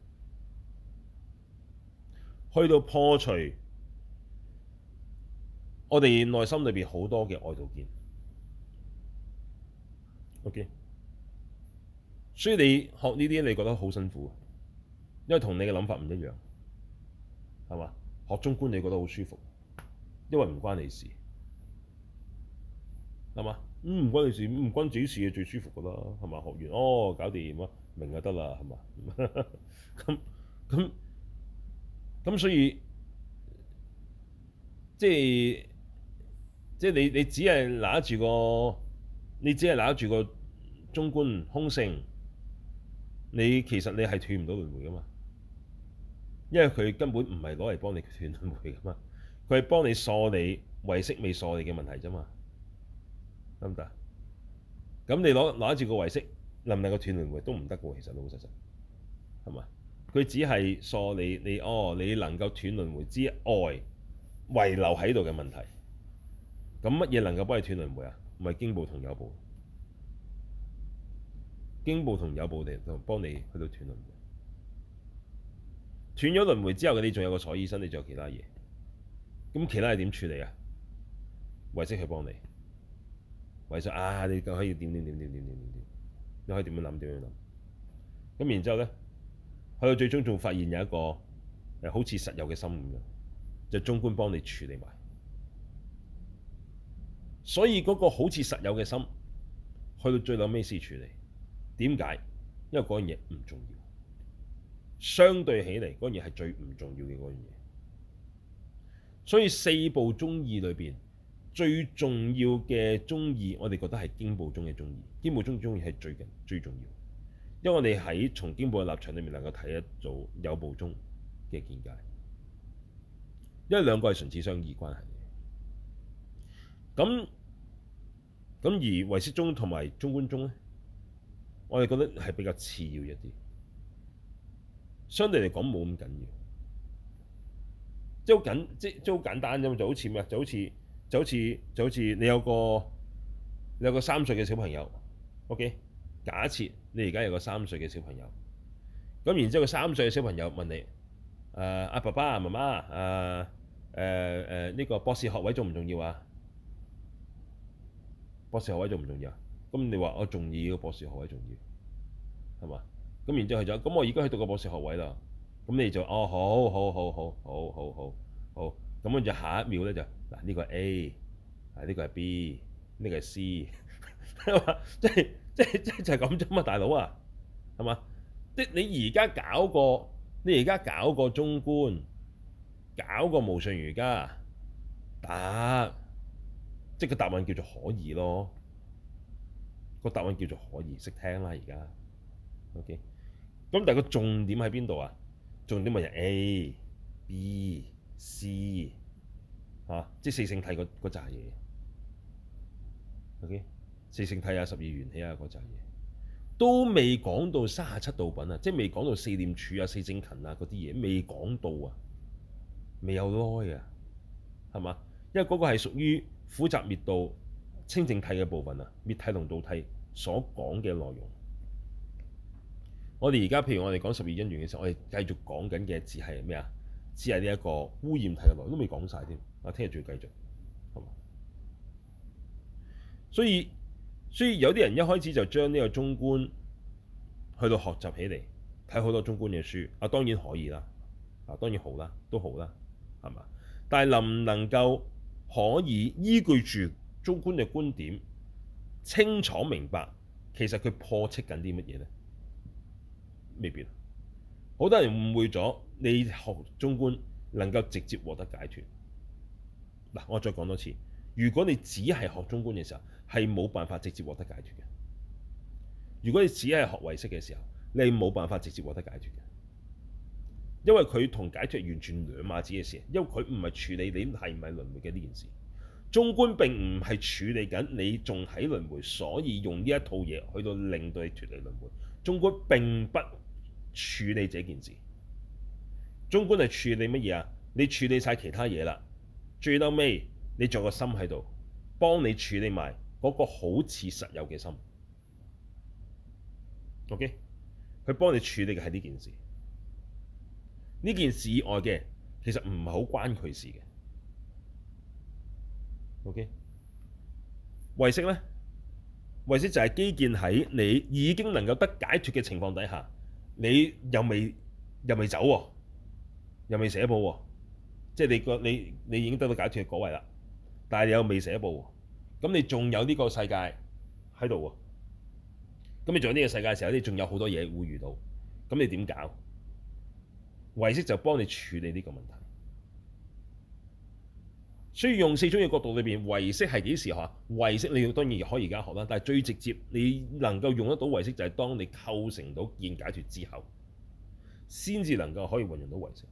去到破除我哋內心裏邊好多嘅外道見，OK。所以你學呢啲，你覺得好辛苦，因為同你嘅諗法唔一樣，係嘛？學中觀你覺得好舒服，因為唔關你事，係嘛？嗯，唔關你事，唔關自己事嘅最舒服噶啦，係嘛？學完哦，搞掂啊，明白就得啦，係嘛？咁 咁。咁所以，即係即係你你只係拿住個，你只係拿住個中觀空性，你其實你係斷唔到輪迴噶嘛？因為佢根本唔係攞嚟幫你斷輪迴噶嘛，佢係幫你鎖你慧識未鎖你嘅問題啫嘛，得唔得？咁你攞攞住個慧識能唔能夠斷輪迴都唔得噶喎，其實老老實實，係嘛？佢只係疏你，你哦，oh, 你能夠斷輪迴之外，遺留喺度嘅問題，咁乜嘢能夠幫你斷輪迴啊？唔係經部同有部，經部同有部嚟同幫你去到斷輪迴。斷咗輪迴之後，你仲有個所醫生，你仲有其他嘢，咁其他係點處理啊？唯識去幫你，唯識啊你，你可以點點點點點點點，你可以點樣諗點樣諗，咁然之後咧。去到最終仲發現有一個係好似實有嘅心咁樣，就是、中觀幫你處理埋。所以嗰個好似實有嘅心，去到最尾屘先處理。點解？因為嗰樣嘢唔重要。相對起嚟，嗰樣嘢係最唔重要嘅嗰樣嘢。所以四部宗義裏邊最重要嘅宗義，我哋覺得係經部中嘅宗義。經部中嘅宗義係最緊最重要的。因為我哋喺從經部嘅立場裏面，能夠睇得到有部宗嘅見解，因為兩個係唇齒相依關係嘅。咁咁而唯識宗同埋中觀宗咧，我哋覺得係比較次要一啲，相對嚟講冇咁緊要，即係好簡即即係好簡單就好似咩就好似就好似就好似你有個你有個三歲嘅小朋友，OK。假設你而家有個三歲嘅小朋友，咁然之後個三歲嘅小朋友問你：誒、啊、阿、啊、爸爸、媽媽、誒誒誒呢個博士學位重唔重要啊？博士學位重唔重要啊？咁你話我重要，個博士學位重要，係嘛？咁然之後佢就：咁我而家去讀個博士學位啦。咁你就：哦，好好好好好好好好，咁跟住下一秒咧就嗱，呢個係 A，啊呢個係 B，呢個係 C，即係。就是即係即係就係咁啫嘛，大佬啊，係嘛？即係你而家搞個，你而家搞個中觀，搞個無上瑜伽，打，即係個答案叫做可以咯。個答案叫做可以，識聽啦而家。OK。咁但係個重點喺邊度啊？重點咪係 A、B、C 嚇，即係四聖諦嗰嗰扎嘢。OK。四聖體啊，十二元氣啊，嗰陣嘢都未講到卅七道品啊，即係未講到四念處啊、四正勤啊嗰啲嘢，未講到啊，未有開啊，係嘛？因為嗰個係屬於苦集滅道清淨體嘅部分啊，滅體同道體所講嘅內容。我哋而家譬如我哋講十二因緣嘅時候，我哋繼續講緊嘅字係咩啊？只係呢一個污染體嘅內容都未講晒添，啊聽日仲要繼續，好嘛？所以。所以有啲人一開始就將呢個中觀去到學習起嚟，睇好多中觀嘅書，啊當然可以啦，啊當然好啦，都好啦，係嘛？但係能唔能夠可以依據住中觀嘅觀點清楚明白，其實佢破斥緊啲乜嘢呢？未必。好多人誤會咗，你學中觀能夠直接獲得解脫。嗱，我再講多次，如果你只係學中觀嘅時候，係冇辦法直接獲得解決嘅。如果你只係學唯識嘅時候，你冇辦法直接獲得解決嘅，因為佢同解脫完全兩碼子嘅事。因為佢唔係處理你係唔係輪迴嘅呢件事。中觀並唔係處理緊你仲喺輪迴，所以用呢一套嘢去到令到你脱離輪迴。中觀並不處理這件事。中觀係處理乜嘢啊？你處理晒其他嘢啦，最後尾你着個心喺度幫你處理埋。嗰個好似實有嘅心，OK，佢幫你處理嘅係呢件事，呢件事以外嘅其實唔係好關佢事嘅，OK。遺失咧，遺失就係基建喺你已經能夠得解脱嘅情況底下，你又未又未走喎，又未寫報喎，即係你個你你已經得到解脱嘅嗰位啦，但係你又未寫報喎。咁你仲有呢個世界喺度喎？咁你仲有呢個世界嘅時候，你仲有好多嘢會遇到。咁你點搞？唯識就幫你處理呢個問題。所以用四種嘅角度裏邊，唯識係幾時學？唯識你要當然可以而家學啦，但係最直接你能夠用得到唯識就係當你構成到見解脱之後，先至能夠可以運用到唯識，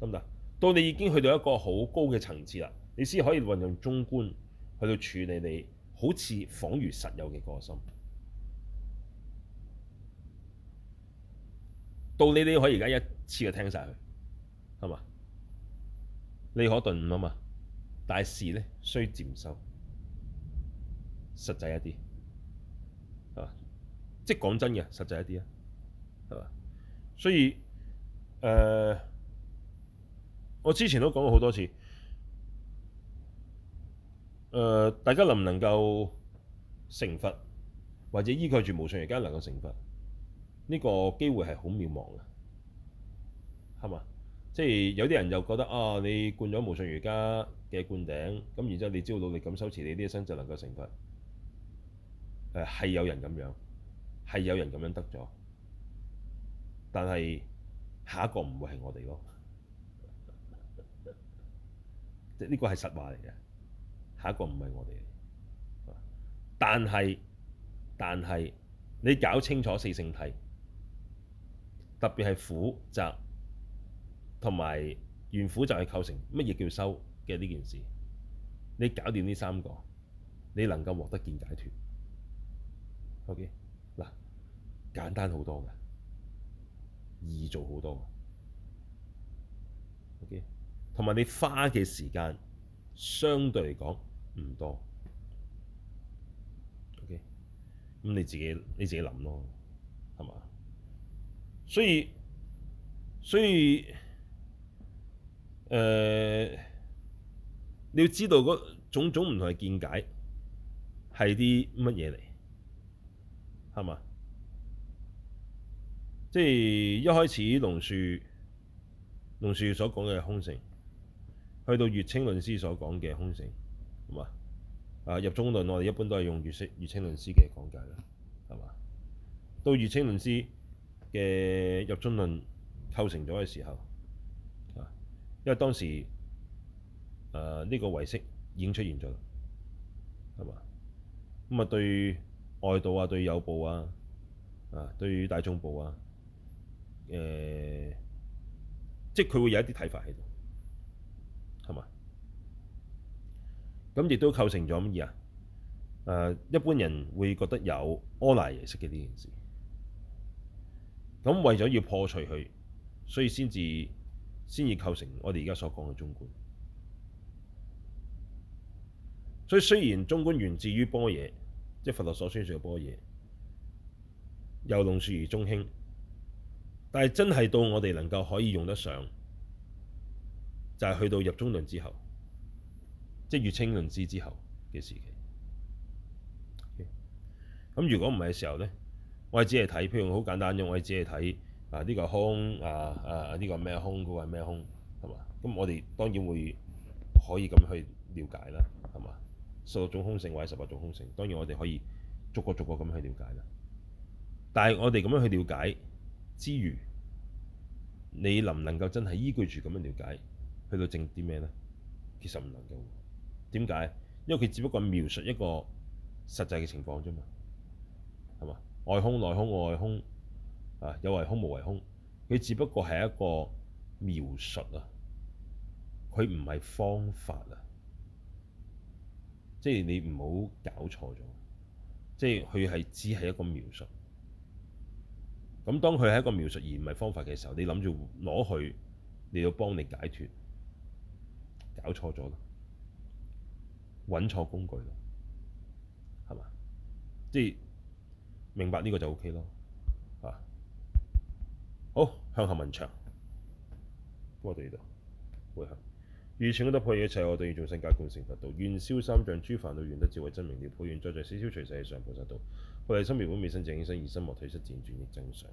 得唔得？到你已經去到一個好高嘅層次啦。你先可以運用中觀去到處理你好似仿如實有嘅個心，道理你可以而家一次就聽晒佢，係嘛？你可頓悟啊嘛，但係事咧需漸修，實際一啲係嘛？即係講真嘅，實際一啲啊，係嘛？所以誒、呃，我之前都講過好多次。誒、呃，大家能唔能夠成佛，或者依靠住無上瑜伽能夠成佛？呢、這個機會係好渺茫嘅，係嘛？即係有啲人又覺得啊、哦，你灌咗無上瑜伽嘅灌頂，咁然之後你只要努力咁修持你呢一生，就能夠成佛。誒、呃，係有人咁樣，係有人咁樣得咗，但係下一個唔會係我哋咯。即、這、呢個係實話嚟嘅。下一個唔係我哋，但係但係你搞清楚四聖諦，特別係苦集同埋緣苦就係構成乜嘢叫修嘅呢件事，你搞掂呢三個，你能夠獲得見解脫。OK 嗱，簡單好多嘅，易做好多嘅。OK，同埋你花嘅時間相對嚟講。唔多，OK，咁你自己你自己諗咯，係嘛？所以所以，誒，呃，你要知道嗰種種唔同嘅見解係啲乜嘢嚟，係嘛？即係一開始龍樹龍樹所講嘅空性，去到月稱論師所講嘅空性。咁啊，啊，入中論我哋一般都係用月稱月稱論師嘅講解啦，係嘛？到月稱論師嘅入中論構成咗嘅時候，啊，因為當時誒呢、呃這個唯識已經出現咗啦，係嘛？咁啊，對外道啊，對有部啊，啊對大眾部啊誒、呃，即係佢會有一啲睇法喺度。咁亦都構成咗乜嘢啊？誒，一般人會覺得有阿賴耶識嘅呢件事。咁為咗要破除佢，所以先至先至構成我哋而家所講嘅中觀。所以雖然中觀源自於般若，即、就、係、是、佛陀所宣說嘅般若，由龍樹而中興，但係真係到我哋能夠可以用得上，就係、是、去到入中論之後。即係越清論之之後嘅時期。咁、okay? 如果唔係嘅時候咧，我係只係睇，譬如我好簡單用，我係只係睇啊呢個空啊啊呢個咩空，嗰個係咩空，係嘛？咁我哋當然會可以咁去了解啦，係嘛？十六種空性或者十八種空性，當然我哋可以逐個逐個咁去了解啦。但係我哋咁樣去了解之餘，你能唔能夠真係依據住咁樣了解去到證啲咩咧？其實唔能夠。點解？因為佢只不過描述一個實際嘅情況啫嘛，係嘛？外空、內空、外空啊，有為空、無為空，佢只不過係一個描述啊，佢唔係方法啊，即係你唔好搞錯咗，即係佢係只係一個描述。咁、就是就是、當佢係一個描述而唔係方法嘅時候，你諗住攞去你要幫你解脫，搞錯咗。揾錯工具咯，係嘛？即係明白呢個就 OK 咯，啊好，向下問長，我哋呢度，回向。以前嗰啲配嘢一切，我哋要重新加工成佛道。願消三障，諸煩惱，願得智慧真明了，普願罪障悉消除，世世菩薩道。菩提心妙寶未生令生起，生已莫退失，輾轉益增長。